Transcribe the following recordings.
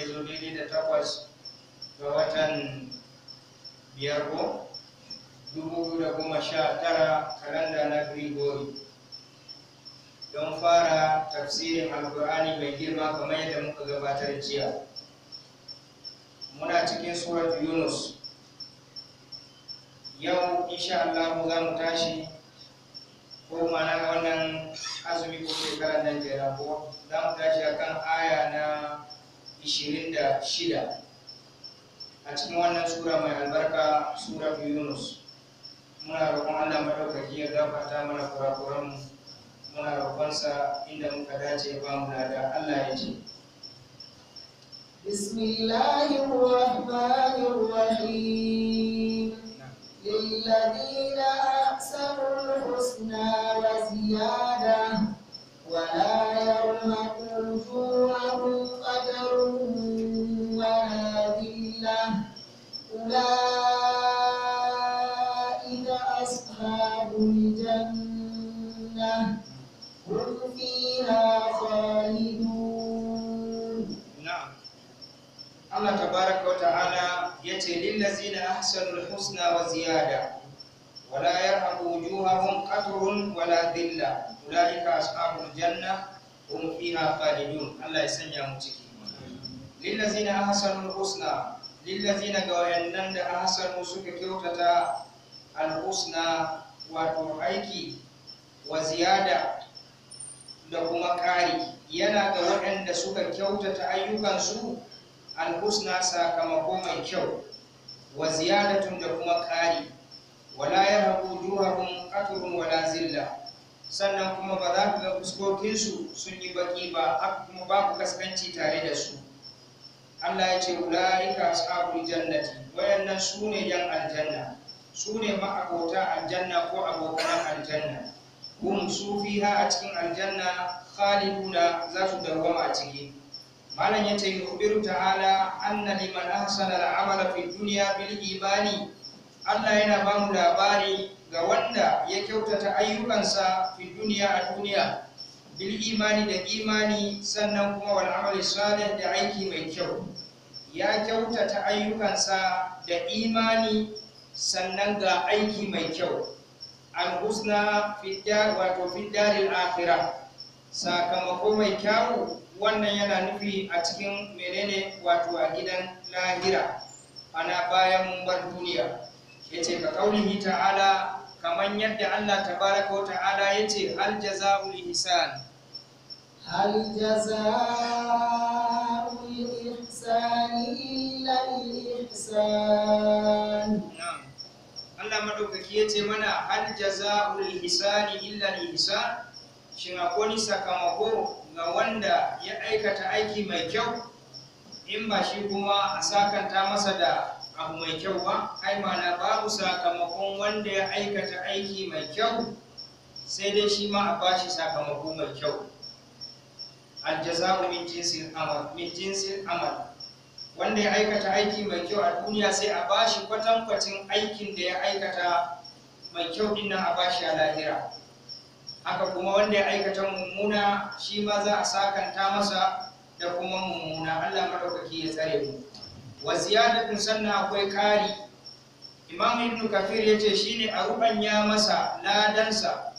ya zo da takwas ga watan biyar ko dubu da goma sha tara kalanda na gregory don fara tafsirin alkur'ani mai girma kamar yadda muka gabatar jiya muna cikin surat yunus yau insha Allah za mu tashi ko mana wannan azumi ko shekarar nan jera ko za mu tashi akan aya na da shida a cikin wannan sura mai albarka sura yunus muna roƙon allah maɗaukaki ya gafata mana kurakuranmu muna roƙonsa inda muka dace ba mu da allah ya ce بسم الله الرحمن الرحيم للذين أحسنوا الحسنى وزيادة ولا وجوههم أولئك أصحاب الجنة هم فيها خالدون نعم الله تبارك وتعالى يتي للذين أحسنوا الحسنى وزيادة ولا يرهب وجوههم قطر ولا ذلة أولئك أصحاب الجنة هم فيها خالدون الله يسمي متكي للذين أحسنوا الحسنى lillazina ga wayannan da ahsanu suka kyautata alhusna wato aiki wa ziyada da kuma ƙari yana ga waɗanda suka kyautata ayyukansu alhusna sakamako mai kyau wa ziyadatun da kuma kari wala ya yahqu juhahum ƙaturun wala zilla sannan kuma ba za ku ga fuskokinsu sun yi baƙi ba kuma ba ku kaskanci tare da su Allah ya ce ulaika ashabul jannati wayannan sune yan aljanna sune ma'abota aljanna ko abokan aljanna hum su fiha a cikin aljanna khaliduna za su dawwama a ciki malam yace yubiru ta'ala anna liman ahsana al'amala fi dunya bil imani Allah yana ba mu labari ga wanda ya kyautata ayyukansa fi duniya a duniya bil imani da imani sannan kuma wal amali salih da aiki mai kyau ya kyautata ayyukansa da imani sannan ga aiki mai kyau al husna fidda wato al akhirah sakamako mai kyau wannan yana nufi a cikin menene wato a gidan lahira ana bayan mun bar duniya yace ka kaulihi ta'ala kaman yadda Allah tabaraka wa ta'ala yace al jazaa'ul ihsan هل جزاء الإحسان إلا الإحسان نعم الله مدوكك يتمنى هل جزاء الإحسان إلا الإحسان shin akwai sakamako ga wanda ya aikata aiki mai kyau in ba shi kuma a sakanta masa da abu mai kyau ba ai mana babu sakamakon wanda ya aikata aiki mai kyau sai dai shi ma a bashi sakamako mai kyau aljaza'u min jinsil amal min jinsil amal wanda ya aikata aiki mai kyau a duniya sai a bashi kwatankwacin aikin da ya aikata mai kyau din nan a bashi a lahira haka kuma wanda ya aikata mummuna shi ma za a sakanta masa da kuma mummuna Allah madaukaki ya tsare mu wa ziyadatun sannan akwai kari imam ibnu kafir yace shine a rubanya masa ladansa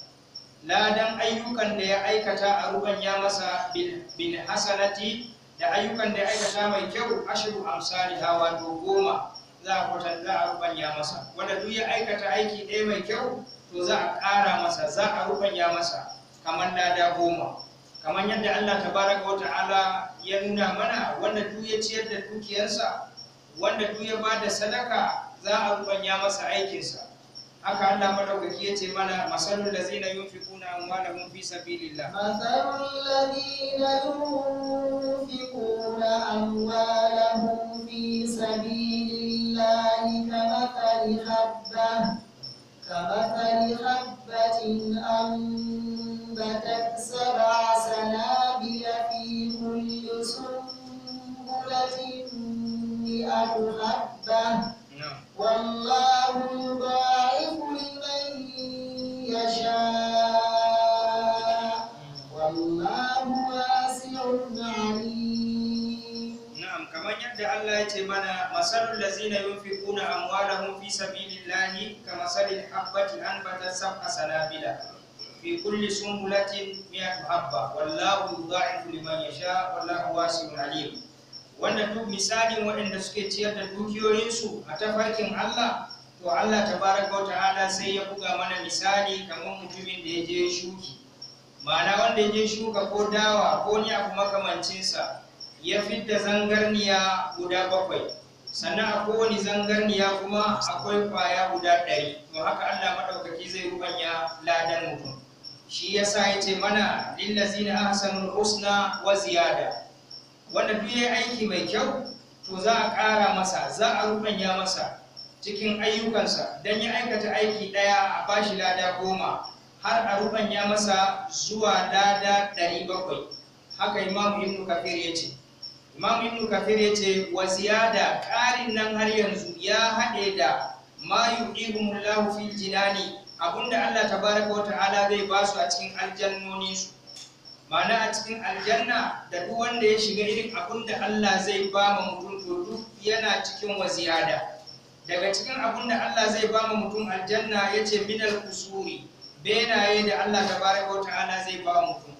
ladan ayyukan da ya aikata a ruban ya masa bin hasanati da ayyukan da ya aikata mai kyau amsali hawa to goma za a kwatan za a ruban ya masa wanda duk ya aikata aiki ɗaya mai kyau to za a ƙara masa za a ruban ya masa kamar lada goma kamar yadda Allah tabaraka wa ta'ala ya nuna mana wanda duk ya ciyar da dukiyarsa wanda duk ya bada sadaka za a rubanya ya masa aikinsa haka Allah madaukaki yace mana masalul ladzina yunfikuna amwalahum fi sabilillah masalul ladzina yunfikuna amwalahum fi sabilillah kamathali habba kamathali habbatin anbatat sab'a sanabila fi kulli sunbulatin mi'atu habbah نسبة sanabila سنابل في كل سنبلة مئة حبة والله يضاعف لمن yasha wallahu wasi'un alim wannan duk misalin waɗanda suke ciyar da dukiyoyinsu a tafarkin Allah to Allah tabaraka wa ta'ala sai ya buga mana misali kamar mutumin da ya je shuki ma'ana wanda ya je shuka ko dawa ko ni abu makamancinsa ya fidda zangarniya guda bakwai sannan a kowane zangarniya kuma akwai kwaya guda ɗari to haka Allah maɗaukakin sarki zai rubanya ladan mutum shi ya sa ya ce mana lillazina ahsanul husna wa ziyada wanda duk ya aiki mai kyau to za a ƙara masa za a rubanya masa cikin ayyukansa don ya aikata aiki ɗaya a bashi lada goma har a rubanya masa zuwa lada ɗari bakwai haka imamu ibnu kafir ya ce imamu ibnu kafir ya ce wa ziyada ƙarin nan har yanzu ya haɗe da ma yu'ihumullahu fil jinani abunda Allah tabaraka wa ta'ala zai ba su a cikin aljannoni su ma'ana a cikin aljanna da duk wanda ya shiga irin abunda Allah zai ba ma mutum to duk yana cikin waziyada daga cikin abunda Allah zai ba ma mutum aljanna yace minal kusuri benaye da Allah tabaraka wa ta'ala zai ba mutum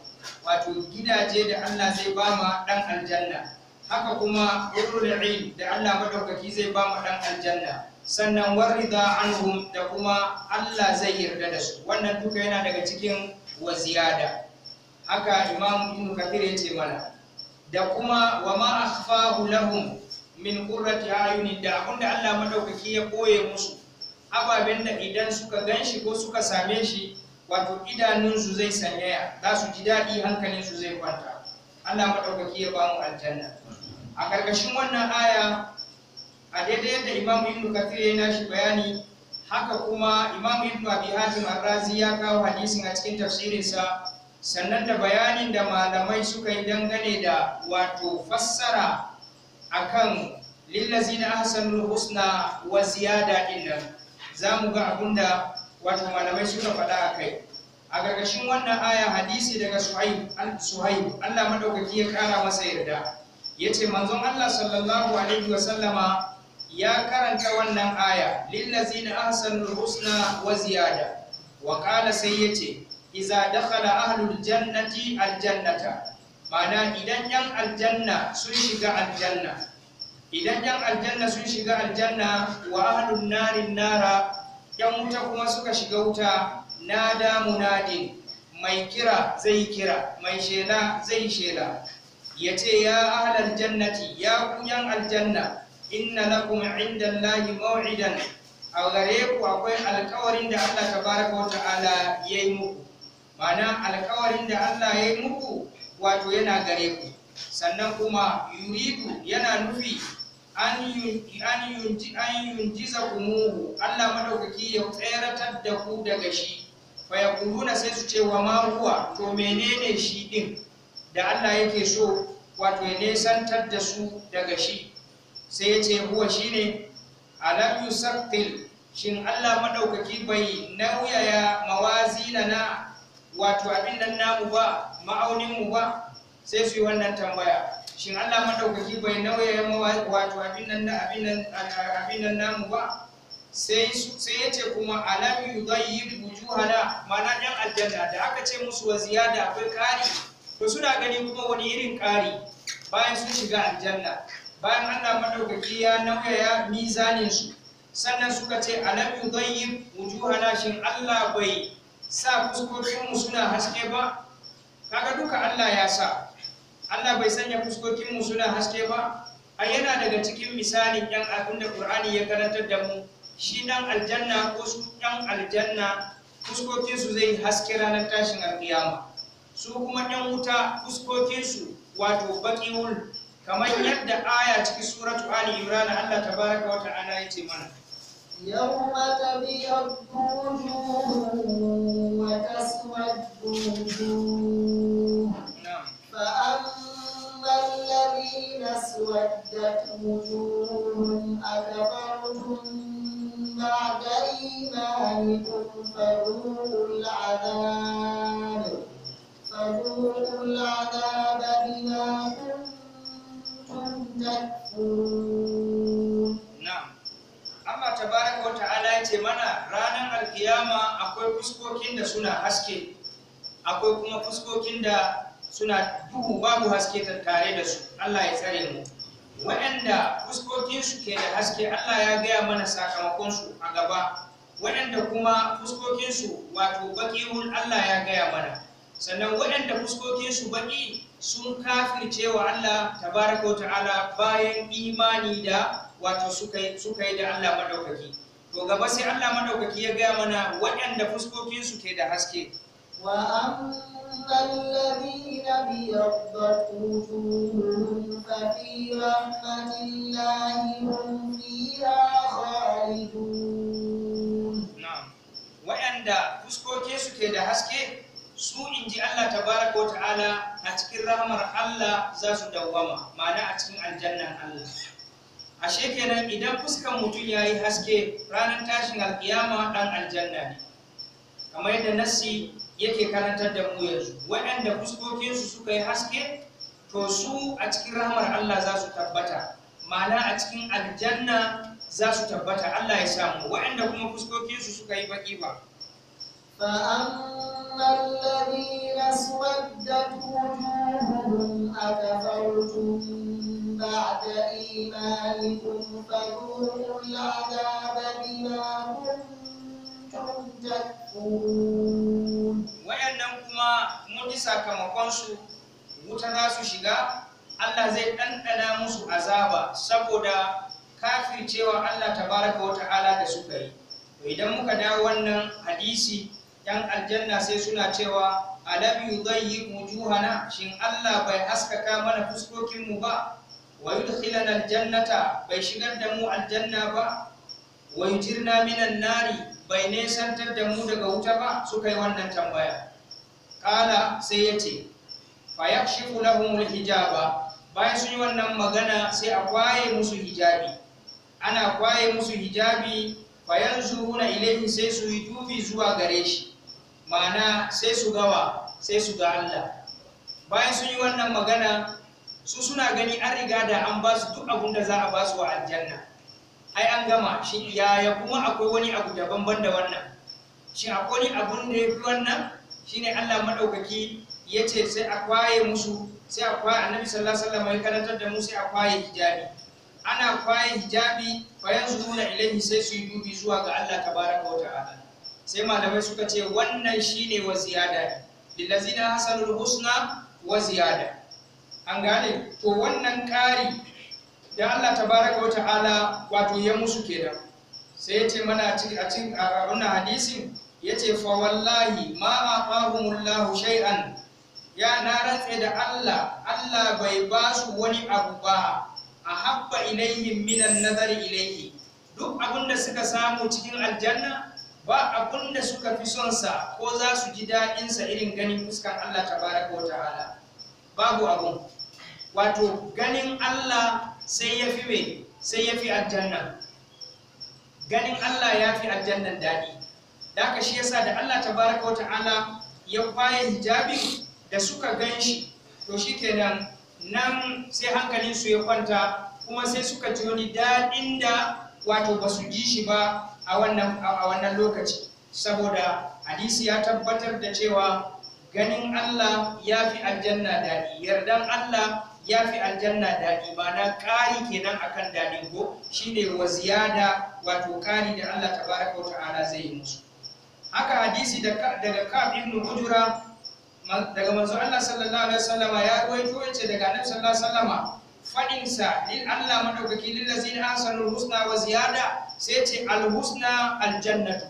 wato gidaje da Allah zai ba ma dan aljanna haka kuma ulul ilm da Allah madaukaki zai ba ma dan aljanna sannan warida anhum da kuma Allah zai yarda da su wannan duka yana daga cikin wa ziyada haka imam ibn kathir yace mana da kuma wa ma akhfahu lahum min qurrati ayunin da abinda Allah madaukaki ya koye musu ababen da idan suka ganshi ko suka same shi wato idanunsu zai sanyaya za su ji daɗi su zai kwanta Allah madaukaki ya ba mu aljanna a karkashin wannan aya a daidai yadda Imam ibnu kathir ya nashi bayani haka kuma Imam ibnu abi hatim arrazi ya kawo hadisin a cikin tafsirinsa sannan da bayanin da malamai suka yi dangane da wato fassara akan lillazina ahsanul husna wa ziyada inna nan zamu ga abinda wato malamai suka faɗa kai. a gargashin wannan aya hadisi daga suhaib suhaib Allah madaukaki ya kara masa yarda yace manzon Allah sallallahu alaihi wa sallama ya karanta wannan aya lillazina ahsanul husna wa ziyada wa qala sai yace iza dakhala ahlul jannati aljannata mana idan yan aljanna sun shiga aljanna idan yan aljanna sun shiga aljanna wa ahlun narin nara yan wuta kuma suka shiga wuta nada munadin mai kira zai kira mai shela zai shela yace ya ahlal jannati ya ku yan aljanna inna lakum inda Allahi maw'idan a gare ku akwai alkawarin da Allah tabaraka wa ta'ala ya yi muku ma'ana alkawarin da Allah ya yi muku wato yana gare ku sannan kuma yuridu yana nufi an ku kumuhu Allah madaukaki ya tsayaratar da ku daga shi fa yaquluna sai su ce wa ma to menene shi din da Allah yake so wato ya nesantar da su daga shi sai ya ce huwa shine alam yusaqtil shin Allah maɗaukaki bai nauyaya mawazina na wato abin nan namu ba ma'aunin mu ba sai su yi wannan tambaya shin Allah maɗaukaki bai nauyaya wato abin nan na abin nan namu ba sai ya ce kuma alam yudayyib wujuhana mana yan aljanna da aka ce musu wa ziyada akwai kari to suna gani kuma wani irin kari bayan sun shiga aljanna bayan Allah madaukaki ya ya mizanin su sannan suka ce alam yudayyib wujuhana shin Allah bai sa fuskokin mu suna haske ba kaga duka Allah ya sa Allah bai sanya fuskokin mu suna haske ba a yana daga cikin misalin yan abin da Qur'ani ya karantar da mu shi dan aljanna ko su dan aljanna su zai haske ranar tashin alƙiyama su kuma 'yan wuta su wato baƙiwul kamar yadda aya ciki suratu ali imran allah tabaraka wa ta'ala ya ce mana yawma tabiyyadu wa taswaddu fa amma alladhina swaddat wujuhum akfartum ba'da imanikum fadhuqul adhab fadhuqul adhab bima يتقون نعم Allah tabaraka wa ta'ala ya ce mana ranar alkiyama akwai fuskokin da suna haske akwai kuma fuskokin da suna duhu babu haske tattare da su Allah ya tsare mu waɗanda fuskokinsu ke da haske Allah ya gaya mana sakamakonsu a gaba waɗanda kuma fuskokinsu wato baƙi Allah ya gaya mana sannan waɗanda fuskokinsu baƙi sun kafir cewa Allah tabaraka wa ta'ala bayan imani da wato suka yi da Allah madaukaki to gaba sai Allah madaukaki ya gaya mana waɗanda fuskokin su ke da haske wa amma alladhina bi rabbuhum fa fi rahmatillahi hum fiha khalidun na'am waɗanda fuskokin su ke da haske su in ji Allah tabaraka wa ta'ala a cikin rahamar Allah za su dawwama ma'ana a cikin aljannan Allah ashe kenan idan fuskan mutum ya yi haske ranar tashin alkiyama dan aljanna ne kamar yadda nassi yake karantar da mu yanzu waɗanda fuskokinsu suka yi haske to su a cikin rahamar Allah za su tabbata ma'ana a cikin aljanna za su tabbata Allah ya samu waɗanda kuma fuskokinsu suka yi baki ba فأما الذين اسودت وجوههم أكفرتم بعد إيمانكم فذوقوا العذاب بما كنتم تكفرون وأنهم كما مجلسا كما كنسوا متناسوا شقا Allah zai ɗanɗana musu azaba saboda kafircewa Allah tabaraka wa ta'ala da suka yi. idan muka dawo wannan hadisi yan aljanna sai suna cewa alam yudayyi wujuhana shin Allah bai haskaka mana fuskokin mu ba wa yudkhilana aljannata bai shigar da mu aljanna ba wa yujirna minan nari bai nesantar da mu daga wuta ba suka yi wannan tambaya kala sai yace fa yakshifu lahum alhijaba bayan sun yi wannan magana sai a kwaye musu hijabi ana kwaye musu hijabi fa yanzuruna ilayhi sai su yi dubi zuwa gare shi ma'ana sai su gawa sai su ga Allah bayan sun yi wannan magana su suna gani an riga da an ba su duk abin da za a ba su wa aljanna ai an gama shi yaya kuma akwai wani abu daban ban da wannan shi akwai wani abun da ya fi wannan shine Allah madaukaki ya ce sai a kwaye musu sai a annabi sallallahu alaihi wasallam ya karantar da mu sai a kwaye hijabi ana kwaye hijabi fa su nuna ilaihi sai su yi dubi zuwa ga Allah tabaraka wa ta'ala sai malamai suka ce wannan shine wa ziyada lillazina hasanul husna wa ziyada an gane to wannan ƙari da Allah tabaraka wa ta'ala wato ya musu kenan sai ya mana a cikin a wannan hadisin ya ce fa wallahi ma aqahumullahu shai'an. ya na rantse da Allah Allah bai ba su wani abu ba a habba ilaihin minan nazari ilaihi duk abinda suka samu cikin aljanna ba abun da suka fi son sa ko za su ji daɗin sa irin ganin fuskan Allah tabaraka wa ta'ala babu abun wato ganin Allah sai ya fi mai sai ya fi aljanna ganin Allah ya fi aljannan daɗi da ka shi yasa da Allah tabaraka wa ta'ala ya kwaye hijabin da suka gan shi to shi kenan nan sai hankalin su ya kwanta kuma sai suka ji wani daɗin da wato ba su ji shi ba a wannan lokaci saboda hadisi ya tabbatar da cewa ganin Allah ya fi aljanna daɗi yardan Allah ya fi aljanna daɗi na ƙari kenan akan daɗin ko shine wa ziyada wato ƙari da Allah tabaraka wa ta'ala zai yi musu haka hadisi daga Ka'ab ibn Hujra daga manzo Allah sallallahu alaihi wasallama ya ruwaito yace daga Annabi sallallahu alaihi wasallama fadinsa lil Allah madaukaki lil ladzina ahsanu husna wa ziyada sai ce al husna al jannatu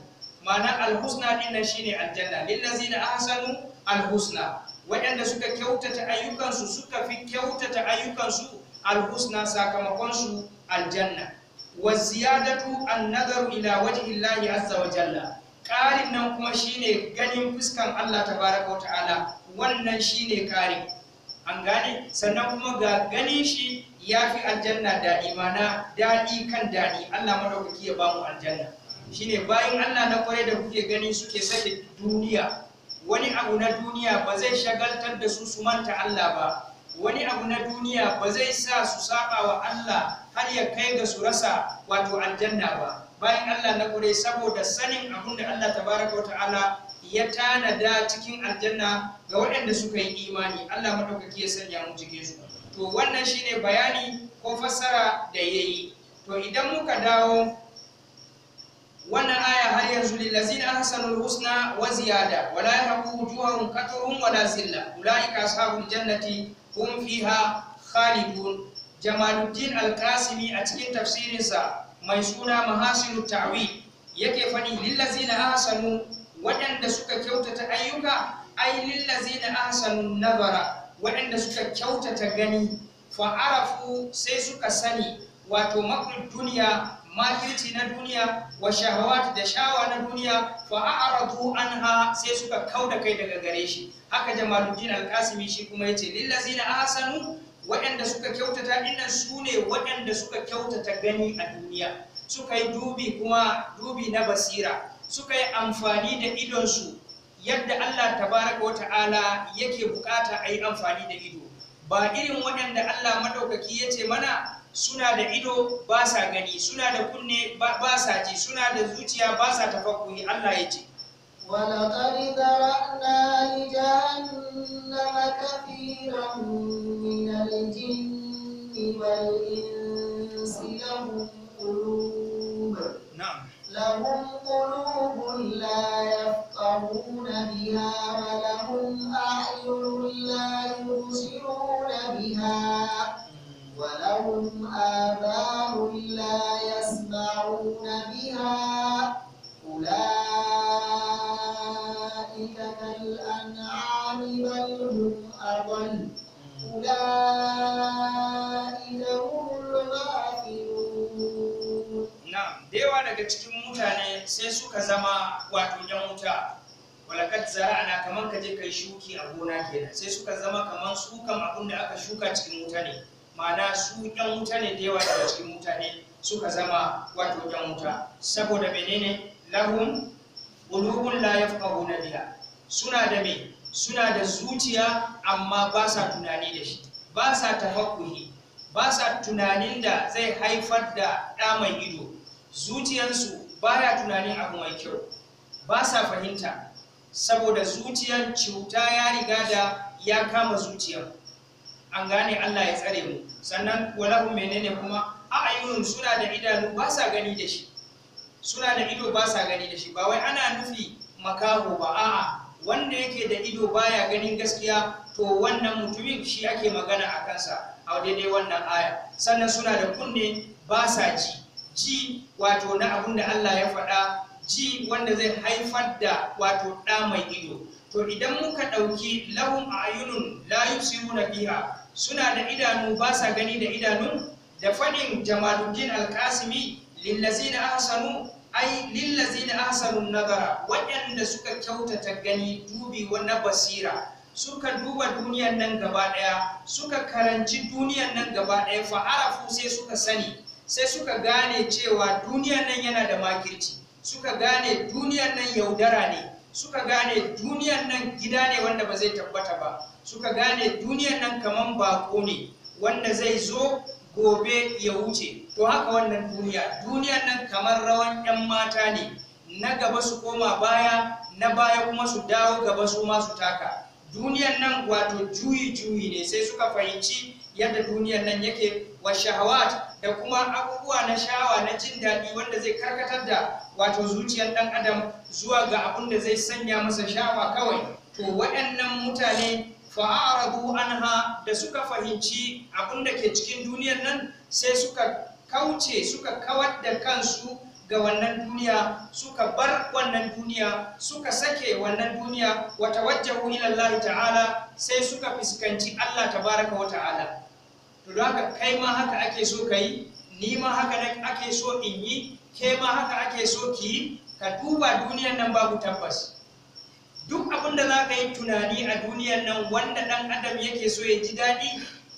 ma'ana al husna din nan shine aljanna lil ladzina ahsanu al husna waɗanda suka kyautata ayyukansu suka fi kyautata ayyukansu al husna sakamakon su aljanna wa ziyadatu an nadaru ila wajhi Allah azza wa jalla Karin nan kuma shine ganin fuskan Allah tabaraka wa ta'ala wannan shine ƙarin an gane sannan kuma ga gani shi ya fi aljanna daɗi mana daɗi kan daɗi allah madaukaki ya bamu aljanna shine bayan allah na kwarai da kuke gani suke sake duniya wani abu na duniya ba zai shagaltar da su su manta allah ba wani abu na duniya ba zai sa su saba wa allah har ya kai ga su rasa wato aljanna ba bayan allah na kwarai saboda sanin abun da allah tabaraka wa ta'ala ya tanada cikin aljanna ga waɗanda suka yi imani Allah maɗaukaki ya sanya mu cikin su to wannan shine bayani ko fassara da ya yi. to idan muka dawo wannan aya har yanzu lillazina ahsanul husna wa ziyada wala yahqu wujuhahum qatrun la zilla ulaika ashabul jannati hum fiha khalidun jamaluddin al-qasimi a cikin tafsirinsa mai suna Mahasinu Tawi yake faɗi lillazina ahsanu waɗanda suka kyautata ayyuka ai lillazina ahsanu nazara waɗanda suka kyautata gani fa sai suka sani wato makul duniya makirci na duniya wa shahawat da shawa na duniya fa a'radu anha sai suka kauda kai daga gare shi haka jamaluddin alqasimi shi kuma yace lillazina ahsanu waɗanda suka kyautata dinnan su ne waɗanda suka kyautata gani a duniya suka yi dubi kuma dubi na basira suka yi amfani da idonsu yadda Allah tabaraka wa ta'ala yake bukata a yi amfani da ido ba irin waɗanda Allah maɗaukaki ya ce mana suna da ido ba sa gani suna da kunne ba sa ji suna da zuciya ba sa tafakkuri Allah ya ce ولقد ذرأنا لجهنم كثيرا من الجن والإنس لهم قلوب نعم لهم قلوب لا يفقهون بها ولهم أعين لا يبصرون بها ولهم آذان لا يسمعون بها أولئك كالأنعام بل هم أضل أولئك هم daga cikin mutane sai suka zama wato yan wuta walakat zara'ana kamar ka je kai shuki a gona kenan sai suka zama kamar su kam abin da aka shuka cikin wuta ne ma'ana su yan wuta ne da yawa daga cikin mutane suka zama wato yan wuta saboda menene lahum qulubun la yafqahuna biha suna da me suna da zuciya amma ba sa tunani da shi ba sa tafakkuri ba sa tunanin da zai haifar da ɗa mai ido zuciyarsu baya tunanin abu mai kyau ba sa fahimta saboda zuciyan cuta ya riga da ya kama zuciyar an gane Allah ya tsare mu sannan walahu menene kuma a ayyun suna da idanu ba sa gani da shi suna da ido ba sa gani da shi ba wai ana nufi makaho ba a'a wanda yake da ido baya ganin gaskiya to wannan mutumin shi ake magana a kansa a daidai wannan aya sannan suna da kunne ba sa ji ji wato na abun da Allah ya faɗa ji wanda zai haifar da wato ɗa mai ido to idan muka ɗauki lahum ayunun la yusiruna biya suna da idanu ba sa gani da idanu da faɗin jamaluddin alkasimi lillazina ahsanu ai lillazina ahsanu nazara waɗanda suka kyautata gani dubi na basira suka duba duniyan nan gaba ɗaya suka karanci duniyan nan gaba ɗaya fa sai suka sani sai suka gane cewa duniyan nan yana da makirci suka gane duniyan nan yaudara ne suka gane duniyan nan gida ne wanda ba zai tabbata ba suka gane duniyan nan kaman bako ne wanda zai zo gobe ya wuce to haka wannan duniya duniyan nan kamar rawan 'yan mata ne na gaba su koma baya na baya kuma su dawo gaba su masu taka duniyan nan wato juyi juyi ne sai suka fahimci yadda duniyan nan yake wa shahawat da kuma abubuwa na shawa na jin daɗi wanda zai karkatar da wato zuciyar ɗan adam zuwa ga abun da zai sanya masa shawa kawai to waɗannan mutane fa'aradu anha da suka fahimci abun da ke cikin duniyar nan sai suka kauce suka kawar da kansu ga wannan duniya suka bar wannan duniya suka sake wannan duniya wata wajjahu ila ta'ala sai suka fuskanci Allah tabaraka wa ta'ala to don haka kai ma haka ake so ka yi ni ma haka ake so in yi ke ma haka ake so ki yi ka duba duniyan nan babu tabbas duk abin da za ka yi tunani a duniyan nan wanda dan adam yake so ya ji daɗi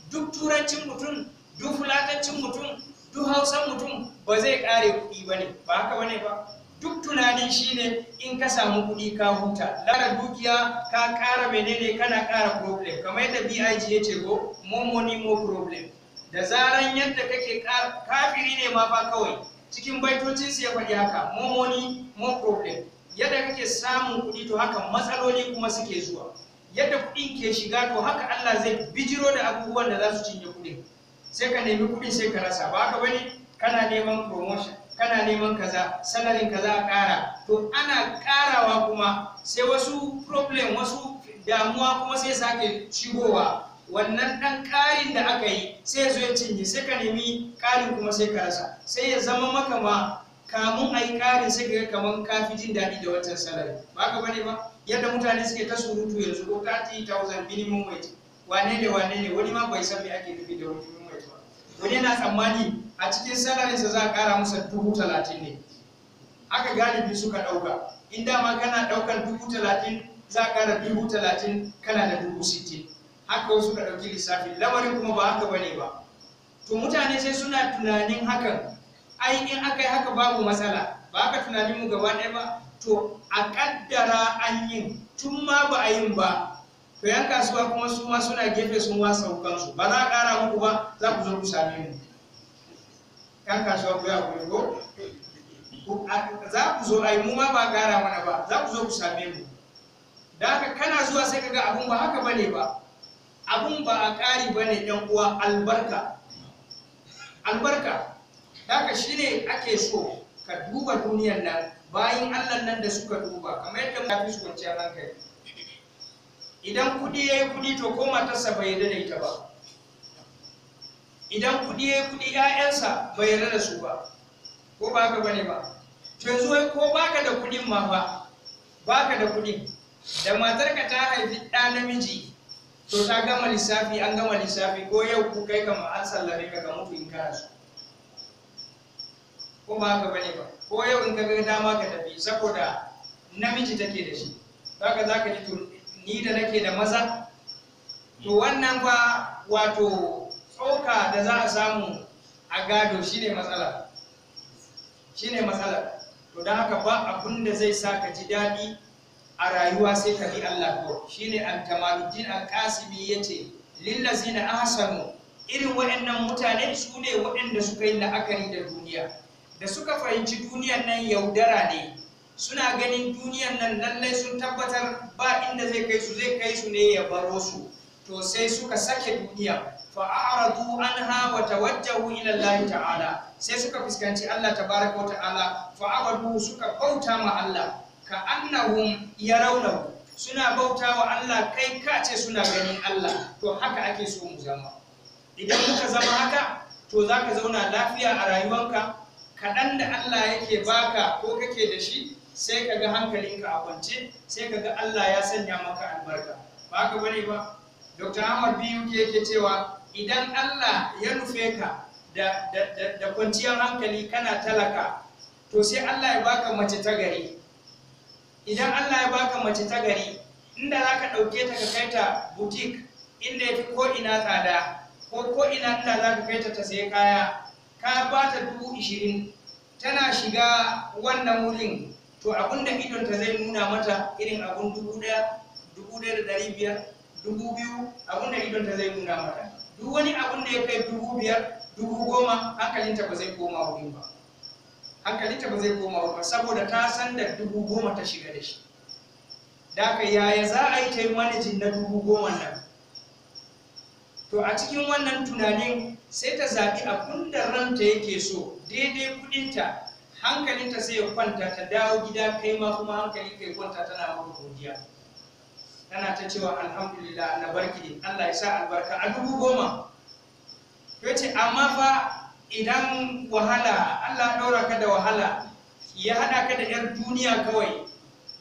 duk turancin mutum duk fulatancin mutum duk hausan mutum ba zai kare kuɗi ba ne ba haka ba ne ba duk tunanin shine in ka samu kuɗi ka huta lara dukiya ka ƙara menene kana ƙara problem kamar yadda big ya ce ko more money more problem da zaran yadda kake kafiri ne ma fa kawai cikin baitocin su ya faɗi haka more money more problem yadda kake samun kuɗi to haka matsaloli kuma suke zuwa yadda kuɗin ke shiga to haka Allah zai bijiro da abubuwan da za su cinye kuɗin sai ka nemi kuɗin sai ka rasa ba haka bane kana neman promotion ana neman kaza salarin kaza a ƙara to ana ƙarawa kuma sai wasu problem wasu damuwa kuma sai sake shigowa wannan ɗan ƙarin da aka yi sai zo ya cinye sai ka nemi ƙarin kuma sai ka rasa sai ya zama maka ma kamun a yi ƙarin sai ka kamar ka fi jin daɗi da wancan salari ba ka bane ba yadda mutane suke ta surutu yanzu ko 30,000 minimum wage wane ne wane ne wani ma bai san me ake nufi da minimum wage ba wani yana tsammani a cikin salarinsa za a ƙara musa dubu talatin ne Aka galibi suka ɗauka inda ma kana ɗaukar dubu talatin za a ƙara dubu talatin kana da dubu sittin haka wasu ka ɗauki lissafi lamarin kuma ba haka bane ba to mutane sai suna tunanin hakan ai in aka yi haka babu matsala ba haka tunanin mu gaba ɗaya ba to a ƙaddara an yi. tun ma ba a yin ba to yan kasuwa kuma su ma suna gefe sun wasa hukansu. ba za a ƙara muku ba za ku zo ku same mu yan kasuwa ku ya kuri ko za ku zo ai mu ma ba gara mana ba za ku zo ku same mu da haka kana zuwa sai kaga abun ba haka bane ba abun ba a ƙari bane yan uwa albarka albarka da haka shine ake so ka duba duniyar nan bayan Allah nan da suka duba kamar yadda mu tafi su kwanciyar kai. idan kudi ya yi kudi to ko matarsa bai yadda da ita ba idan kuɗi ya kuɗi ‘ya'yansa bai yarda da su ba ko ba ka bane ba to yanzu ko baka da kuɗin ma ba baka da kuɗin da matarka ta haifi ɗa namiji to ta gama lissafi an gama lissafi ko yau ku kai kama an sallame ka ga mutu in kana su. ko ba ka bane ba ko yau in ka ga dama ka tafi saboda namiji take da shi zaka zaka ji to ni da nake da maza to wannan ba wato tsoka da za a samu a gado shine matsala shine matsala to don haka ba abun da zai sa ka ji daɗi a rayuwa sai ka bi Allah ko shine al-kamaluddin al-qasimi yace lillazina ahsanu irin waɗannan mutane su ne waɗanda suka yi la'akari da duniya da suka fahimci duniyan nan yaudara ne suna ganin duniyan nan lallai sun tabbatar ba inda zai kai su zai kai su ne ya baro su to sai suka sake duniya fa'aradu anha wa tawajjahu ila Allah ta'ala sai suka fuskanci Allah tabaraka wa ta'ala fa'abadu suka bauta ma Allah ka annahum yarawna suna bauta wa Allah kai ka ce suna ganin Allah to haka ake so mu zama idan muka zama haka to zaka zauna lafiya a rayuwanka kaɗan da Allah yake baka ko kake da shi sai ka ga hankalinka a kwance sai ka ga Allah ya sanya maka albarka ba ka bane ba dr ahmad biyu yake cewa idan allah ya nufe ka da, kwanciyar hankali kana talaka to sai allah ya baka mace ta gari idan allah ya baka mace ta gari inda za ka ɗauke ta ka kai ta butik inda ya fi ko'ina tsada ko ko'ina inda za ka kai ta ta sai kaya ka ba ta dubu ishirin tana shiga wannan wurin to abinda idonta zai nuna mata irin abun dubu ɗaya dubu ɗaya da ɗari biyar dubu biyu abin da idon ta zai nuna mata duk wani abin da ya kai dubu biyar dubu goma hankalinta ba zai koma wurin ba hankalinta ba zai koma wurin ba saboda ta san da dubu goma ta shiga da shi da aka yaya za a yi ta yi manajin na dubu goma nan to a cikin wannan tunanin sai ta zaɓi abun da ranta yake so daidai kuɗinta hankalinta sai ya kwanta ta dawo gida kai ma kuma hankalin kai kwanta tana maka godiya tana ta cewa alhamdulillah na barki Allah ya sa albarka a dubu goma to ce amma fa idan wahala Allah ɗora ka da wahala ya haɗa ka da 'yar duniya kawai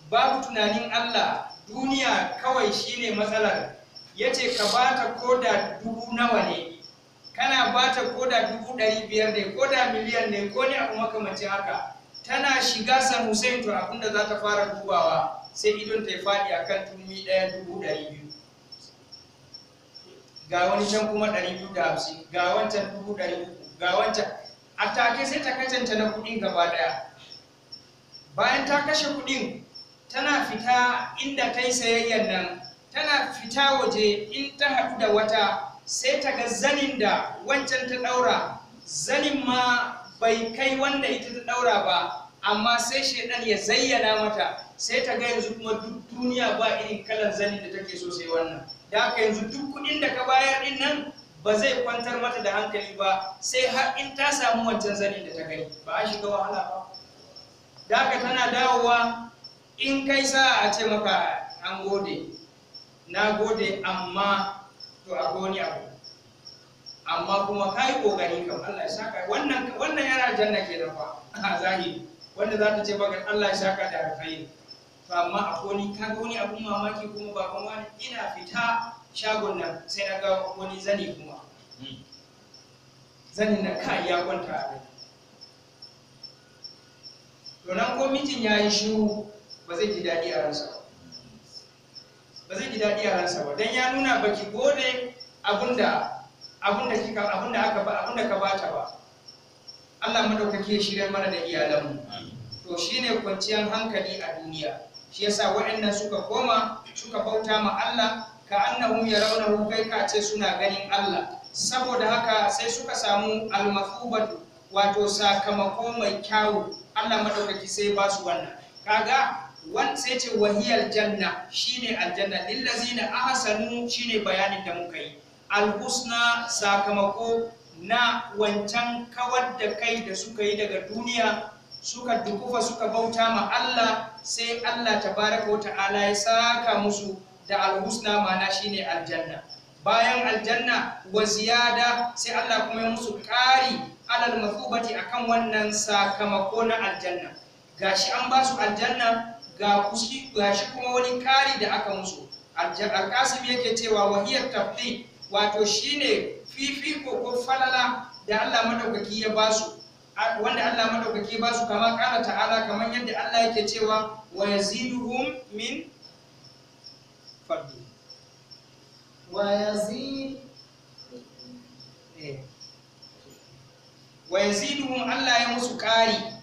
babu tunanin Allah duniya kawai shine matsalar ya ce ka bata koda dubu nawa ne kana bata koda dubu ɗari biyar ne koda miliyan ne ko ne abu makamancin haka tana shiga san hussein to abinda za ta fara dubawa sai idon ta ya faɗi a kan turmi ɗaya dubu ɗari biyu ga wani can kuma ɗari biyu da hamsin ga wancan dubu ɗari uku ga wancan a take sai ta kacanta na kuɗin gaba ɗaya bayan ta kashe kuɗin tana fita inda ta yi sayayyar nan tana fita waje in ta haɗu da wata sai ta ga zanin da wancan ta ɗaura zanin ma bai kai wanda ita ta ɗaura ba amma sai shedan ya zayyana mata sai ta ga yanzu kuma duk duniya ba irin kalan zani da take so sai wannan da haka yanzu duk kuɗin da ka bayar din nan ba zai kwantar mata da hankali ba sai har in ta samu wancan zani da ta gani ba a shiga wahala ba da haka tana dawowa in kai sa a ce maka an gode na gode amma to a goni abu amma kuma kai kokari kam Allah ya saka wannan wannan yana janna da fa a zahiri wanda za ta ce maka Allah ya shaka da alkhairi to amma a ka ga wani abun mamaki kuma baban wani ina fita shagon nan sai na ga wani zani kuma hmm. zani na ka ya kwanta a rai to nan ko mijin ya yi shiru ba zai ji daɗi a ransa ba zai ji daɗi a ransa ba dan ya nuna baki gode abunda abunda kika abunda aka ba abunda ka bata ba Allah madaukake shirye mana da iyalanmu to shine kwanciyar hankali a duniya shi yasa waɗannan suka koma suka bauta ma Allah ka annahum yarawnahu kai ka ce suna ganin Allah saboda haka sai suka samu almafubatu wato sakamako mai kyawu Allah madaukaki sai ba su wannan kaga wan sai ce wahiyal janna shine aljanna lillazina ahsanu shine bayanin da muka yi alhusna sakamako na wancan kawar da kai da suka yi daga duniya suka dukufa suka bauta ma Allah sai Allah tabaraka wa ta'ala ya saka musu da alhusna mana shine aljanna bayan aljanna wa ziyada sai Allah kuma ya musu kari alal mathubati akan wannan sakamako na aljanna gashi an ba su aljanna ga kushi gashi kuma wani kari da aka musu alƙasim yake cewa wahiyar tafli wato shine fifiko ko falala da Allah madaukaki ya ba su wanda Allah madaukaki ba su kama kala ta'ala kamar yadda Allah yake cewa wa yaziduhum min fadli wa yazid eh. wa yaziduhum Allah ya musu ƙari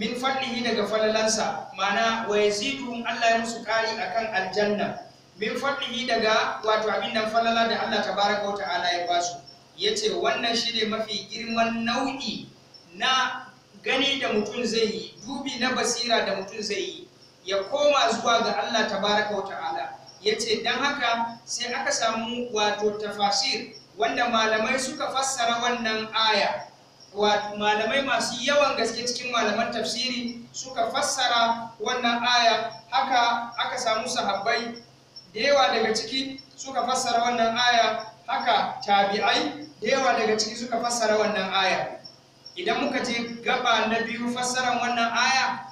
min fadlihi daga falalansa mana wa yaziduhum Allah ya musu ƙari akan aljanna min fadlihi daga wato abin nan falala da Allah tabaraka wa ta'ala ya ba su yace wannan shine mafi girman nau'i na gani da mutum zai yi dubi na basira da mutum zai yi ya koma zuwa ga Allah tabaraka wa ta'ala ya ce don haka sai aka samu wato tafasir wanda malamai suka fassara wannan aya malamai masu yawan gaske cikin malaman tafsiri suka fassara wannan aya haka aka samu sahabbai da yawa daga ciki suka fassara wannan aya haka tabi'ai da yawa daga ciki suka fassara wannan aya idan muka je gaba na biyu fassarar wannan aya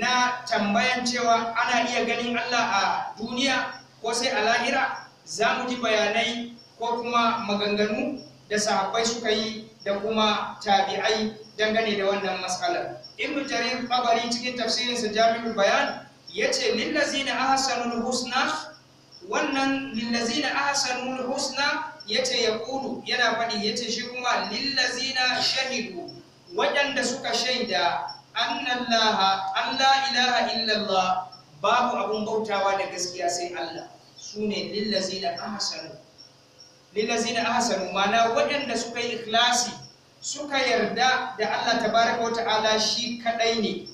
na tambayan cewa ana iya ganin Allah a duniya ko sai a lahira za mu ji bayanai ko kuma maganganu da sahabbai suka yi da kuma tabi'ai dangane da wannan matsalar ibnu jarir qabari cikin tafsirin sa jami'ul bayan yace lillazina ahsanul husna wannan lillazina ahsanul husna yace ya kulu yana faɗi yace shi kuma lillazina shahidu waɗanda suka shaida annallaha alla ilaha illallah babu abun bautawa da gaskiya sai Allah sune lillazina ahsanu lillazina ahsanu mana waɗanda suka yi ikhlasi suka yarda da Allah tabaraka wata'ala shi kadai ne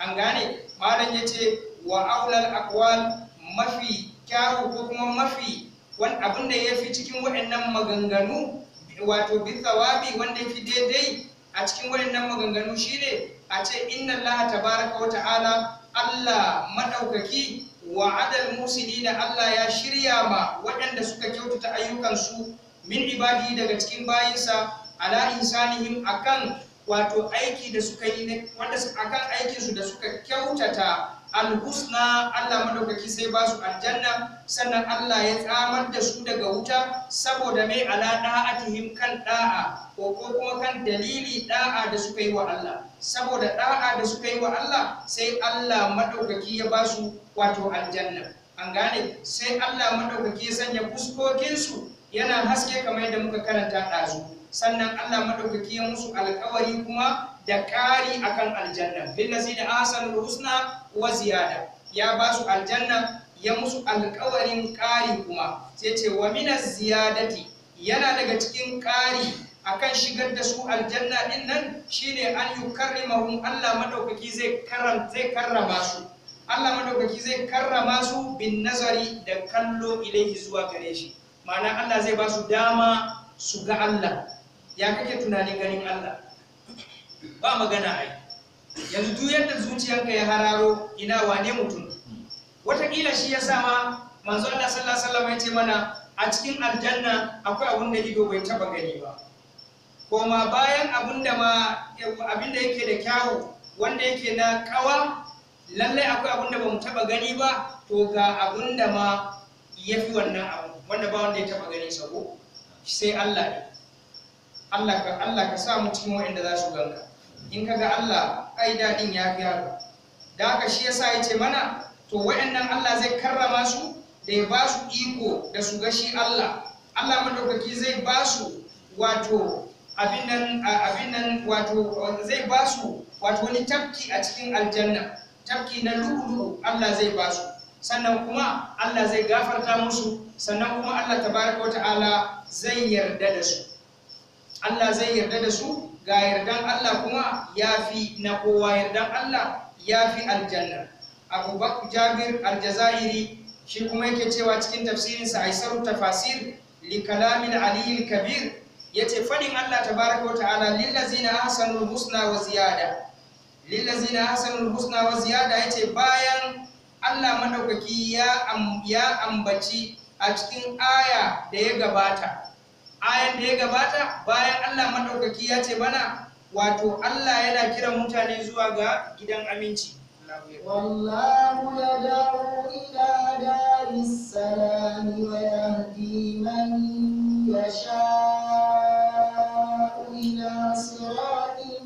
an gane malam yace wa aulal aqwal mafi kyawu ko kuma mafi wani abin da ya fi cikin waɗannan maganganu wato bi tsawabi wanda ya fi daidai a cikin waɗannan maganganu shi ne, a ce inna Allah tabaraka wa ta'ala Allah maɗaukaki, wa adal musini da Allah ya shirya ma waɗanda suka kyautata ayyukansu min ibadi daga cikin bayinsa ala insanihim akan wato aiki da suka yi wanda akan aikinsu da suka kyautata alhusna Allah madaukaki sai ba su aljanna sannan Allah ya tsamar da su daga wuta saboda mai ala da'atihim kan da'a ko ko kuma kan dalili da'a da suka yi wa Allah saboda da'a da suka yi wa Allah sai Allah madaukaki ya ba su wato aljanna an gane sai Allah madaukaki ya sanya fuskokin su yana haske kamar yadda muka karanta ɗazu sannan Allah maɗaukaki ya musu alƙawari kuma da ƙari akan aljanna bil da ahsanul husna wa ziyada ya ba su aljanna ya musu alƙawarin ƙari kuma sai ce wa minaz ziyadati yana daga cikin ƙari akan shigar da su aljanna din nan shine an yukarrimahum Allah madaukaki zai karram zai karrama su Allah madaukaki zai karrama su bin nazari da kallo ilaihi zuwa gare shi ma'ana Allah zai ba su dama su ga Allah ya kake tunanin ganin Allah ba magana ai yanzu duk yadda zuciyarka ya hararo ina wane mutum wataƙila shi ya sa ma manzo Allah sallallahu alaihi wasallam ya ce mana a cikin aljanna akwai abun da ido bai taba gani ba Koma bayan abun da ma abin da yake da kyawu wanda yake na kawa lallai akwai abun da bamu taba gani ba to ga abun da ma yafi wannan abu wanda ba wanda ya taba ganin sa ko sai Allah ne Allah ka Allah ka sa mu cikin waɗanda za su ganka in ka ga Allah ai dadin ya fi haka da haka shi yasa ya ce mana to waɗannan Allah zai karrama su da ya ba su iko da su ga shi Allah Allah madaukaki zai ba su wato abin nan abin nan wato zai ba su wato wani tafki a cikin aljanna tafki na lulu Allah zai ba su sannan kuma Allah zai gafarta musu sannan kuma Allah tabaraka wata'ala zai yarda da su Allah zai yarda da su ga yardan Allah kuma yafi na kowa yardan Allah yafi aljanna Abu Bakr Jabir Aljazairi shi kuma yake cewa cikin tafsirinsa Aisaru tafasir li kalamin Ali kabir yace fadin Allah tabaraka wata'ala lillazina ahsanul husna wa ziyada lillazina ahsanul husna wa ziyada yace bayan Allah madaukaki ya ambaci a cikin aya da ya gabata ayan da ya gabata bayan Allah madaukaki ya ce bana wato Allah yana kiran mutane zuwa ga gidan aminci wallahu da'u ila daris salam wa yahdi man yasha ila siratin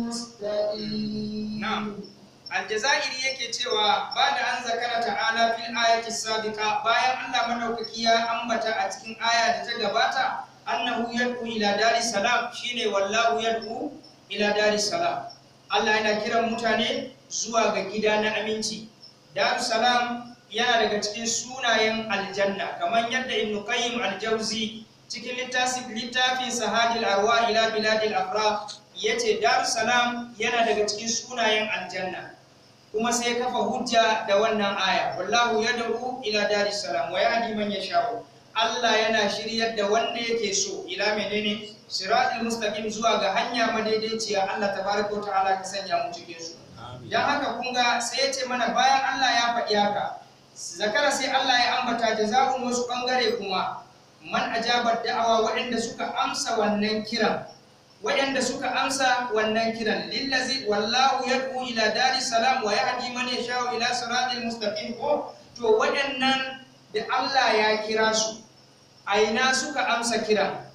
mustaqim na'am aljazairi yake cewa ba da an zakara ta'ala fil ayati sabiqa bayan Allah madaukaki ya ambata a cikin aya da ta gabata annahu yad'u ila dari salam shine wallahu yad'u ila dari salam Allah yana kiran mutane zuwa ga gida na aminci dar salam yana daga cikin sunayen aljanna kamar yadda ibn qayyim al-jawzi cikin littafin littafin sahadil arwa ila biladil afraq yace dar salam yana daga cikin sunayen aljanna kuma sai ya kafa hujja da wannan aya wallahu yad'u ila daris salam wa yahdi man yasha'u Allah yana shiryar da wanda yake so ila menene siratul mustaqim zuwa ga hanya madaidaiciya Allah tabaraka ta'ala ka sanya mu cikin su dan haka kun ga sai ya ce mana bayan Allah ya faɗi haka zakara sai Allah ya ambata jaza'un wasu bangare kuma man ajabar da'awa waɗanda suka amsa wannan kiran waɗanda suka amsa wannan kiran lillazi wallahu yad'u ila dari salam wa yahdi man yasha ila siratil mustaqim ko to waɗannan da Allah ya kira su aina suka amsa kiran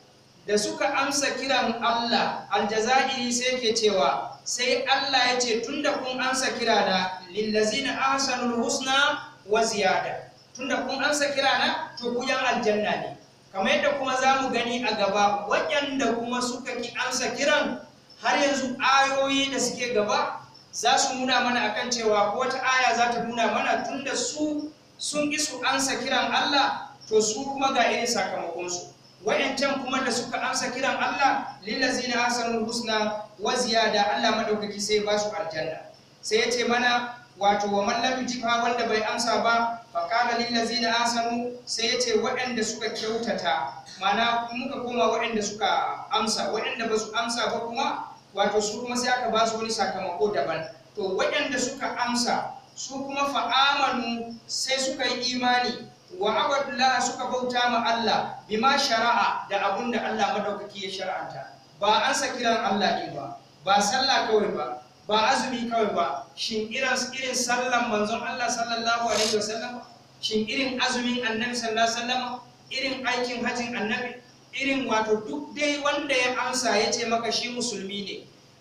da suka amsa kiran Allah aljazairi sai ke cewa sai Allah ya ce tunda kun amsa kira na lillazina ahsanul husna wa ziyada tunda kun amsa kira na to kuyan aljanna ne kamar yadda kuma za mu gani a gaba waɗanda kuma suka ki amsa kiran har yanzu ayoyi da suke gaba za su nuna mana akan cewa ko wata aya za ta nuna mana tunda su sun ki amsa kiran Allah to su kuma ga irin sakamakonsu wayancan kuma da suka amsa kiran Allah lillazina ahsanul husna wa ziyada Allah madaukaki sai ba su aljanna sai ya ce mana wato wa man lam wanda bai amsa ba faƙala lillazi asanu sai ya ce waɗanda suka kyautata mana muka koma waɗanda suka amsa waɗanda ba su amsa ba kuma wato su kuma sai aka ba su wani sakamako daban to waɗanda suka amsa su kuma fa'amanu sai suka yi imani wa abadullah suka bauta ma Allah bima shara'a da abun da Allah madaukaki ya shara'anta ba an sa kiran Allah ne ba ba sallah kawai ba ba azumi kawai ba shin irin sallan manzon Allah sallallahu alaihi wasallam shin irin azumin annabi sallallahu alaihi wasallam irin aikin hajin annabi irin wato duk dai wanda ya amsa ya ce maka shi musulmi ne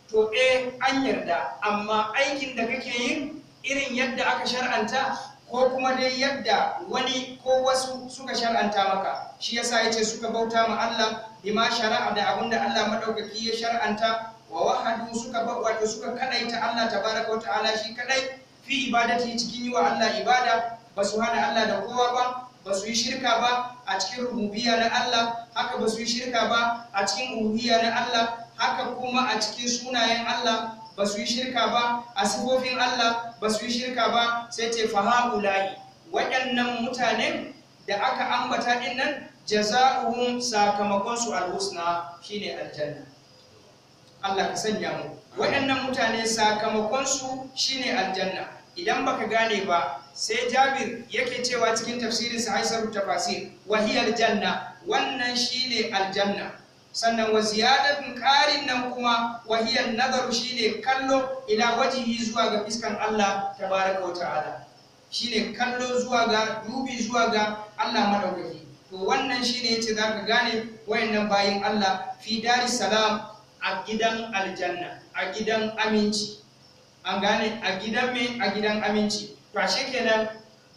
to eh an yarda amma aikin da kake yin irin yadda aka shar'anta ko kuma dai yadda wani ko wasu suka shar'anta maka shi yasa yace suka bauta ma Allah bima shara'a da abinda Allah madaukaki ya shar'anta wa wahadu suka wato suka ta Allah tabaraka wa ta'ala shi kadai fi ibadati cikin yi wa Allah ibada ba su hana Allah da kowa ba ba su yi shirka ba a cikin rububiyya na Allah haka ba su yi shirka ba a cikin uluhiyya na Allah haka kuma a cikin sunayen Allah ba su yi shirka ba a sifofin Allah ba su yi shirka ba sai ce faha'ulayi waɗannan mutanen da aka ambata ɗin nan jaza'uhum sakamakonsu al-husna shine aljanna Allah ka sanya mu waɗannan mutane sakamakonsu shine aljanna idan baka gane ba sai jabir yake cewa cikin tafsirin sa haisaru tafasir wahiyar janna wannan shine aljanna sannan wa ziyadatun ƙarin nan kuma wahiyar nazaru shine kallo ila wajihi zuwa ga fiskan Allah tabaraka wa ta'ala shine kallo zuwa ga dubi zuwa ga Allah madaukaki to wannan shine yace zaka gane wayannan bayin Allah fi daris salam a gidan aljanna a gidan aminci an gane a gidan me a gidan aminci to ashe kenan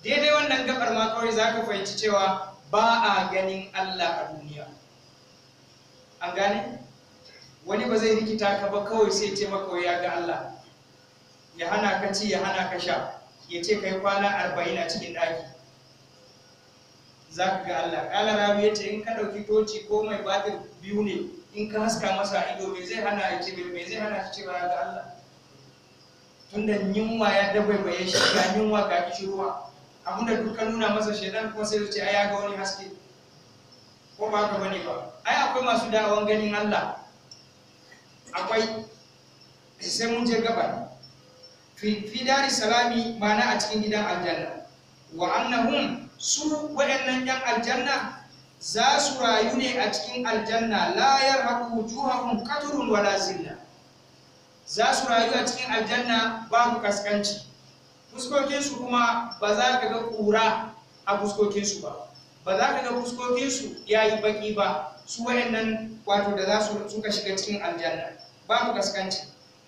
daidai wannan gabar ma kawai zaka fahimci cewa ba a ganin Allah a duniya an gane wani ba zai rikita ka ba kawai sai ce maka ya ga Allah ya hana ka ci ya hana ka sha ya ce kai kwana arba'in a cikin ɗaki za ka ga Allah kala rabi ya ce in ka ɗauki toci ko mai batir biyu ne in ka haska masa ido me zai hana ya ce me zai hana shi cewa ga Allah tunda yunwa ya dabaibaye shi ga yunwa ga kishirwa abinda duk ka nuna masa shaidan kuma sai ce ai ya ga wani haske ko ba ka bane ba ai akwai masu da'awan ganin Allah akwai sai mun je gaba fi dari salami ma'ana a cikin gidan aljanna wa annahum su waɗannan 'yan aljanna za su rayu ne a cikin aljanna la yarhaqu wujuhahum qatrun wala zilla za su rayu a cikin aljanna babu kaskanci fuskokinsu kuma ba za ka ga kura a fuskokinsu ba ba za ka ga fuskokinsu ya yi baki ba su wayannan wato da za su suka shiga cikin aljanna babu kaskanci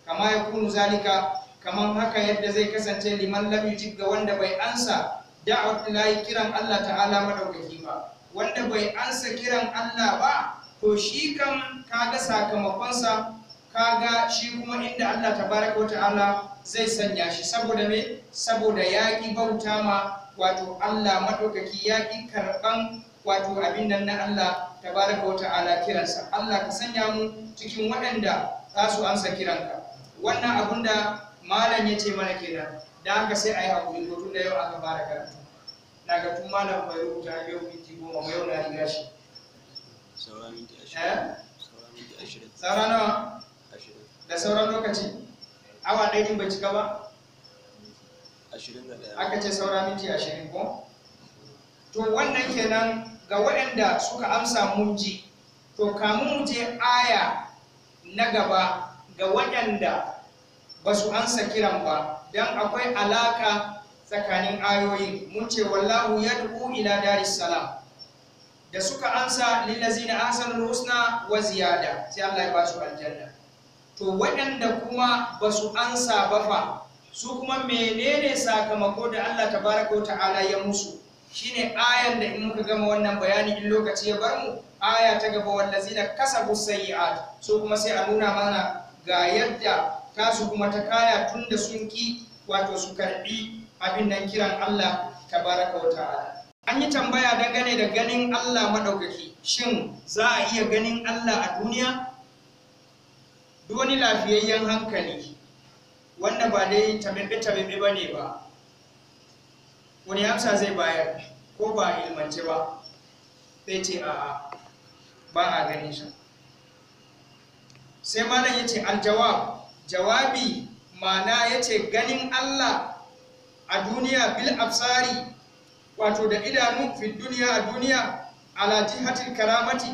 kama ya kunu zalika kamar haka yadda zai kasance liman lam yujib ga wanda bai ansa da'awat lahi kiran Allah ta'ala madaukaki ba wanda bai ansa kiran Allah ba to shi ka kaga sakamakonsa ga shi kuma inda Allah tabaraka wa ta'ala zai sanya shi saboda me saboda yaƙi bauta ma wato Allah madaukaki yaƙi karɓan wato abin nan na Allah tabaraka wa ta'ala kiransa Allah ka sanya mu cikin waɗanda za su ansa kiranka wannan abunda da malam ya ce mana kenan da haka sai a yi haƙuri ko tun da yau aka fara karatu daga tun malam bai rubuta yau minti goma mai yau na riga shi sauran nawa da sauran lokaci awa ɗaya din bai cika ba aka ce sauran minti ashirin ko to wannan kenan ga waɗanda suka amsa munji to kamun mu je aya na gaba ga waɗanda ba su ansa kiran ba don akwai alaka tsakanin ayoyi mun ce wallahu yad'u ila daris salam da suka ansa lillazina asan husna wa ziyada sai Allah ya ba aljanna to waɗanda kuma ba su ansa ba fa su kuma menene sakamako da Allah tabaraka wa ta'ala ya musu shine ayan da in muka gama wannan bayani in lokaci ya bar mu aya ta gaba wallazina kasabu sayyi'at su kuma sai a nuna mana ga yadda tasu kuma ta kaya tunda sun ki wato su karbi abin nan kiran Allah ta baraka wa ta'ala an yi tambaya dangane da ganin Allah madaukaki shin za a iya ganin Allah a duniya duk wani lafiyayyen hankali wanda ba dai tabibbe tabibbe ba ne ba wani amsa zai bayar ko ba ilmance ba zai ce a'a ba a ganin shi sai malam ya ce aljawab jawabi ma'ana ya ce ganin Allah a duniya bil absari wato da idanu fi duniya a duniya ala jihatil karamati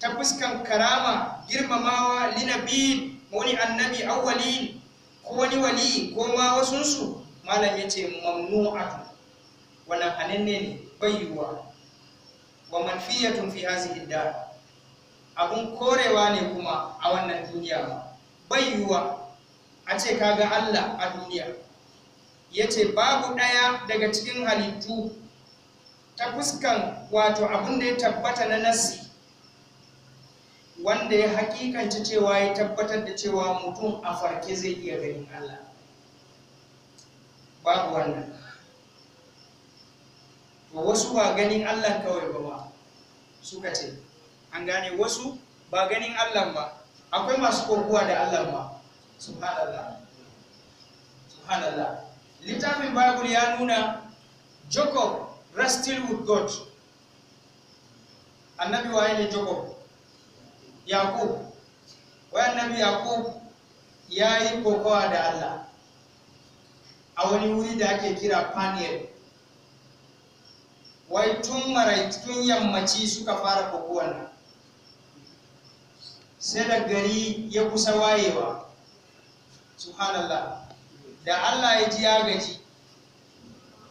ta fuskan karama girmamawa linabiyin wani annabi awwalin ko wani wali ko ma wasunsu malam ya ce mamnu'atu wannan hananne ne bayyuwa wa manfiyatun fi hazihi dar abun korewa ne kuma a wannan duniya bayyuwa a ce kaga Allah a duniya ya ce babu ɗaya daga cikin halittu ta fuskan wato abin da ya tabbata na nasi wanda ya hakikanci cewa ya tabbatar da cewa mutum a farke zai iya ganin Allah babu wannan to wasu ba ganin Allah kawai ba ma suka ce an gane wasu ba ganin Allah ba akwai masu kokuwa da Allah ba subhanallah subhanallah littafin bible ya nuna jacob wrestled with god annabi waye ne jacob yakub wai annabi Yaqub ya yi kokowa da allah a wani wuri da ake kira paniel wai tun maraitu tun yammaci suka fara kokowar nan sai da gari ya kusa wayewa subhanallah da Allah ya ji ya gaji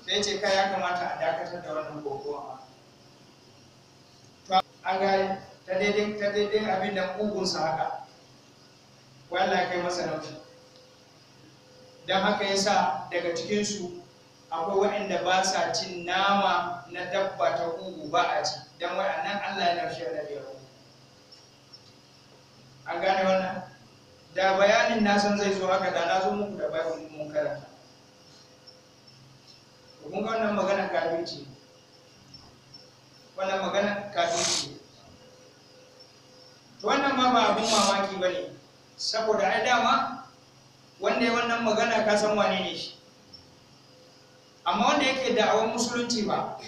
sai ce kai ya kamata a dakatar da wannan kokowa to an ta daidai ta daidai abin da kugun sa haka wallahi kai masa Don dan haka yasa daga cikin su akwai waɗanda ba sa cin nama na dabba ta ba'a ba a ci dan waɗannan Allah ya nafi da biyar an gane wannan da bayanin na san zai zo haka da na zo muku da bayanin mun karanta to kun ga wannan magana ce wannan magana ce to wannan ma ba abin mamaki ba ne saboda ai dama wanda ya wannan magana ka san wane ne shi amma wanda yake awon musulunci ba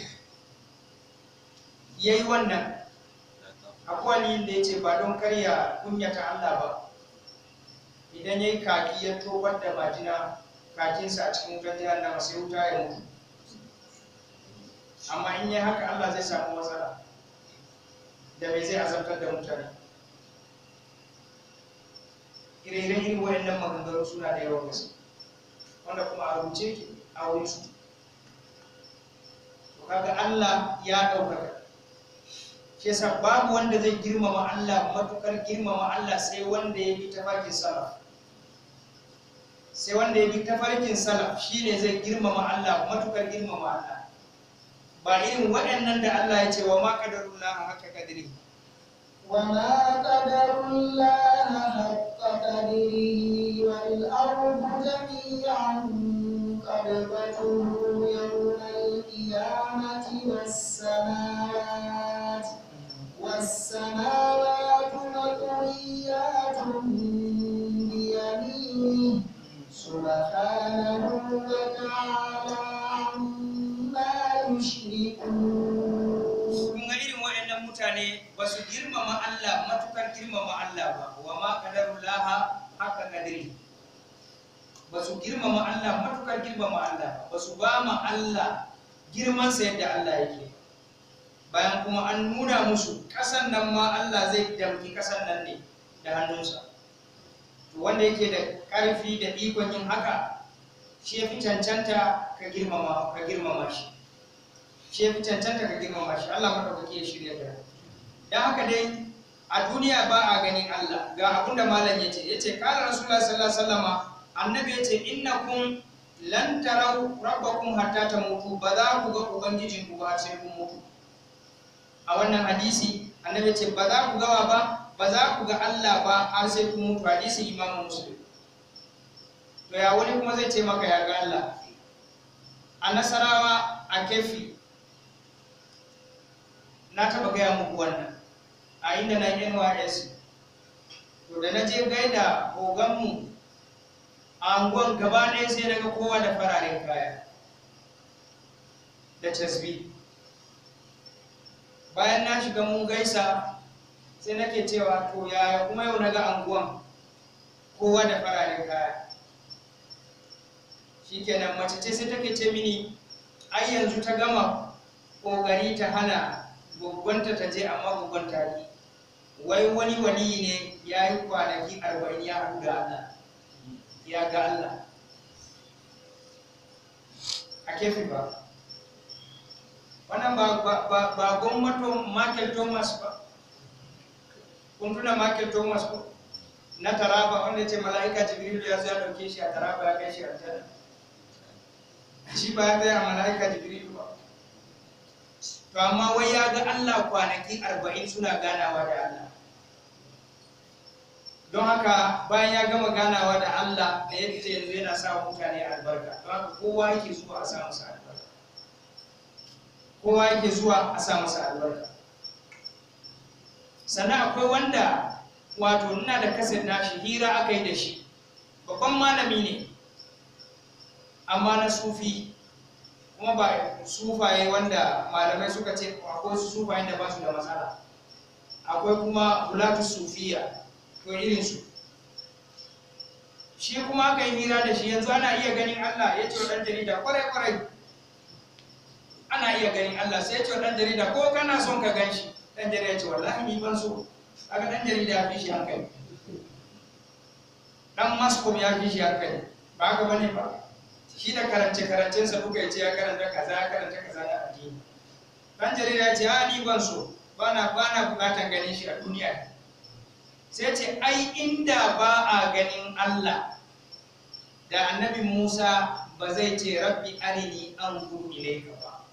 ya yi wannan akwai da ya ce ba don karya kunyata Allah ba idan ya yi kaki ya tobar da majina kakinsa a cikin wutar jihannama sai wuta ya mutu amma in yi haka allah zai samu matsala da mai zai azabtar da mutane ire-iren irin waɗannan maganganu suna da yawan gasa. wanda kuma a rubuce ki a wani su to kaga allah ya ɗaukaka shi babu wanda zai girmama Allah matukar girmama Allah sai wanda ya bi tafarkin salaf sai wanda ya bi tafarkin salaf shine zai girmama Allah matukar girmama Allah ba irin waɗannan da Allah ya ce wa ma qadarullah haka kadiri wa ma qadarullah haka kadiri wal ardu jami'an qabdatuhu yawm al-qiyamati was-samaa girmama Allah ba wa ma qadarullaha haka kadiri ba su girmama Allah matukar girmama Allah ba su ba ma Allah girmansa yadda Allah yake bayan kuma an nuna musu kasan nan ma Allah zai damki kasan nan ne da hannunsa to wanda yake da ƙarfi da ikon yin haka shi ya fi cancanta ka girmama ka girmama shi shi ya fi cancanta ka girmama shi Allah madaukake ya shirya da dan haka dai a duniya ba a ganin Allah ga abinda malam yace yace qala rasulullahi sallallahu alaihi wasallama annabi yace innakum lan tarau rabbakum hatta tamutu ba za ku ga ubangijin ku ba sai kun mutu a wannan hadisi annabi yace ba za ku gawa ba ba za ku ga Allah ba har sai kun mutu hadisi imam muslim to ya wani kuma zai ce maka ya ga Allah a nasarawa a kefi na taba gaya muku wannan a inda na NYSC. to da na je gaida oganmu a angon gaba ɗaya sai daga kowa da fararen kaya da tasbi bayan na shiga mun gaisa sai nake cewa to yaya kuma yau na ga anguwan kowa da fararen kaya shikenan mace ce sai take ce mini ai yanzu ta gama ƙoƙari ta hana gwaggwanta ta je amma ta yi. wai wani wani ne ya yi kwanaki arba'in ya haɗu da Allah ya ga Allah a kefi ba wannan ba gwamnatin Michael Thomas ba kun tuna Michael Thomas ko na Taraba wanda ce mala'ika Jibril ya zo ya dauke shi a Taraba ya kai shi aljanna shi ba ya a mala'ika Jibril ba to amma wai ya ga Allah kwanaki arba'in suna ganawa da Allah don haka bayan ya gama ganawa da Allah da yadda yanzu yana sa mutane albarka don haka kowa yake zuwa a sa masa albarka kowa yake zuwa a sa masa albarka sannan akwai wanda wato nuna da kasar nashi hira aka yi da shi babban malami ne amma na sufi kuma ba sufaye wanda malamai suka ce akwai su sufaye da ba su da matsala akwai kuma bulatu sufiya to irin su shi kuma aka yi hira da shi yanzu ana iya ganin Allah ya ce dan jarida kwarai kwarai ana iya ganin Allah sai ya ce dan jarida ko kana son ka gan shi dan jarida ya ce wallahi ni ban so aka dan jarida ya fi shi hankali dan maskom ya fi shi hankali ba haka bane ba shi da karance karancensa duka ya ce ya karanta kaza ya karanta kaza na addini dan jarida ya ce a ni ban so bana bana bukatan ganin shi a duniya sai ce ai inda ba a ganin Allah da annabi Musa ba zai ce rabbi arini an ilaika ba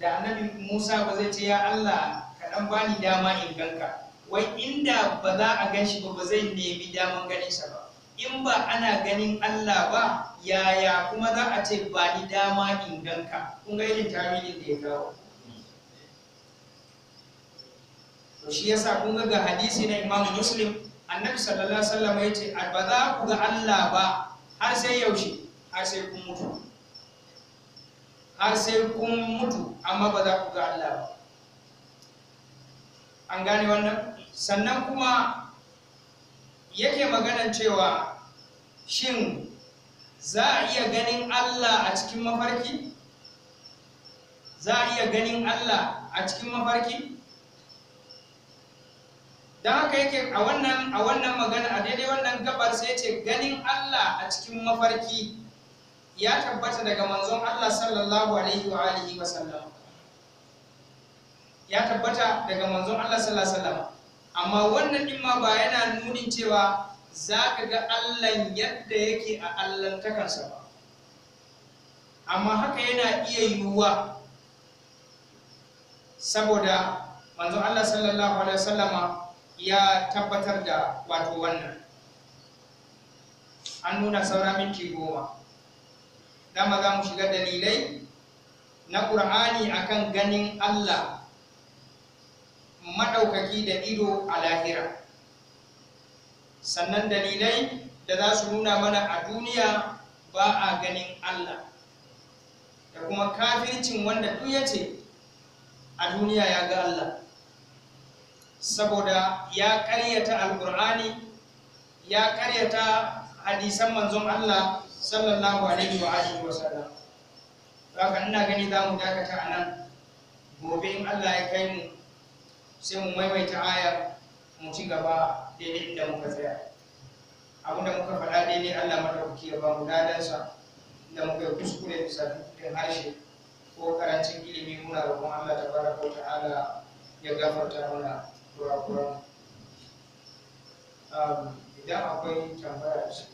da annabi Musa ba zai ce ya Allah ka dan bani dama in ganka wai inda ba za a gan shi ba ba zai nemi daman ganin sa ba in ba ana ganin Allah ba yaya kuma za a ce bani dama in ganka kun ga irin tawilin da ya kawo to shi yasa kun ga ga hadisi na Imam Muslim Annabi sallallahu alaihi wasallam ya ce ba za ku ga Allah ba har sai yaushe har sai kun mutu har sai kun mutu amma ba za ku ga Allah ba an gane wannan sannan kuma yake maganan cewa shin za a iya ganin Allah a cikin mafarki za a iya ganin Allah a cikin mafarki Don haka yake a wannan a wannan magana a daidai wannan gabar sai ce ganin Allah a cikin mafarki ya tabbata daga manzon Allah sallallahu alaihi wa alihi wa sallam ya tabbata daga manzon Allah sallallahu alaihi wa sallam amma wannan din ma ba yana nunin cewa za ka ga Allah yadda yake a Allahntakansa ba amma haka yana iya yiwuwa saboda manzon Allah sallallahu alaihi wa sallama ya tabbatar da wato wannan an nuna saura minti goma dama za mu shiga dalilai na ƙur'ani akan ganin allah maɗaukaki da ido a lahira sannan dalilai da za su nuna mana a duniya ba a ganin allah da kuma kafircin wanda duk ya ce a duniya ya ga allah saboda ya karyata alkur'ani ya karyata hadisan manzon Allah sallallahu alaihi wa alihi wa sallam haka ina gani za mu dakata a nan gobe in Allah ya kai mu sai mu maimaita aya mu ci gaba daidai inda muka tsaya abinda muka faɗa daidai Allah madaukaki ya ba mu dadansa da muka yi kuskure bisa dukkan harshe ko karancin ilimi muna roƙon Allah tabaraka wa ta'ala ya gafarta mana kura-kura um, idan akwai tambaya a cikin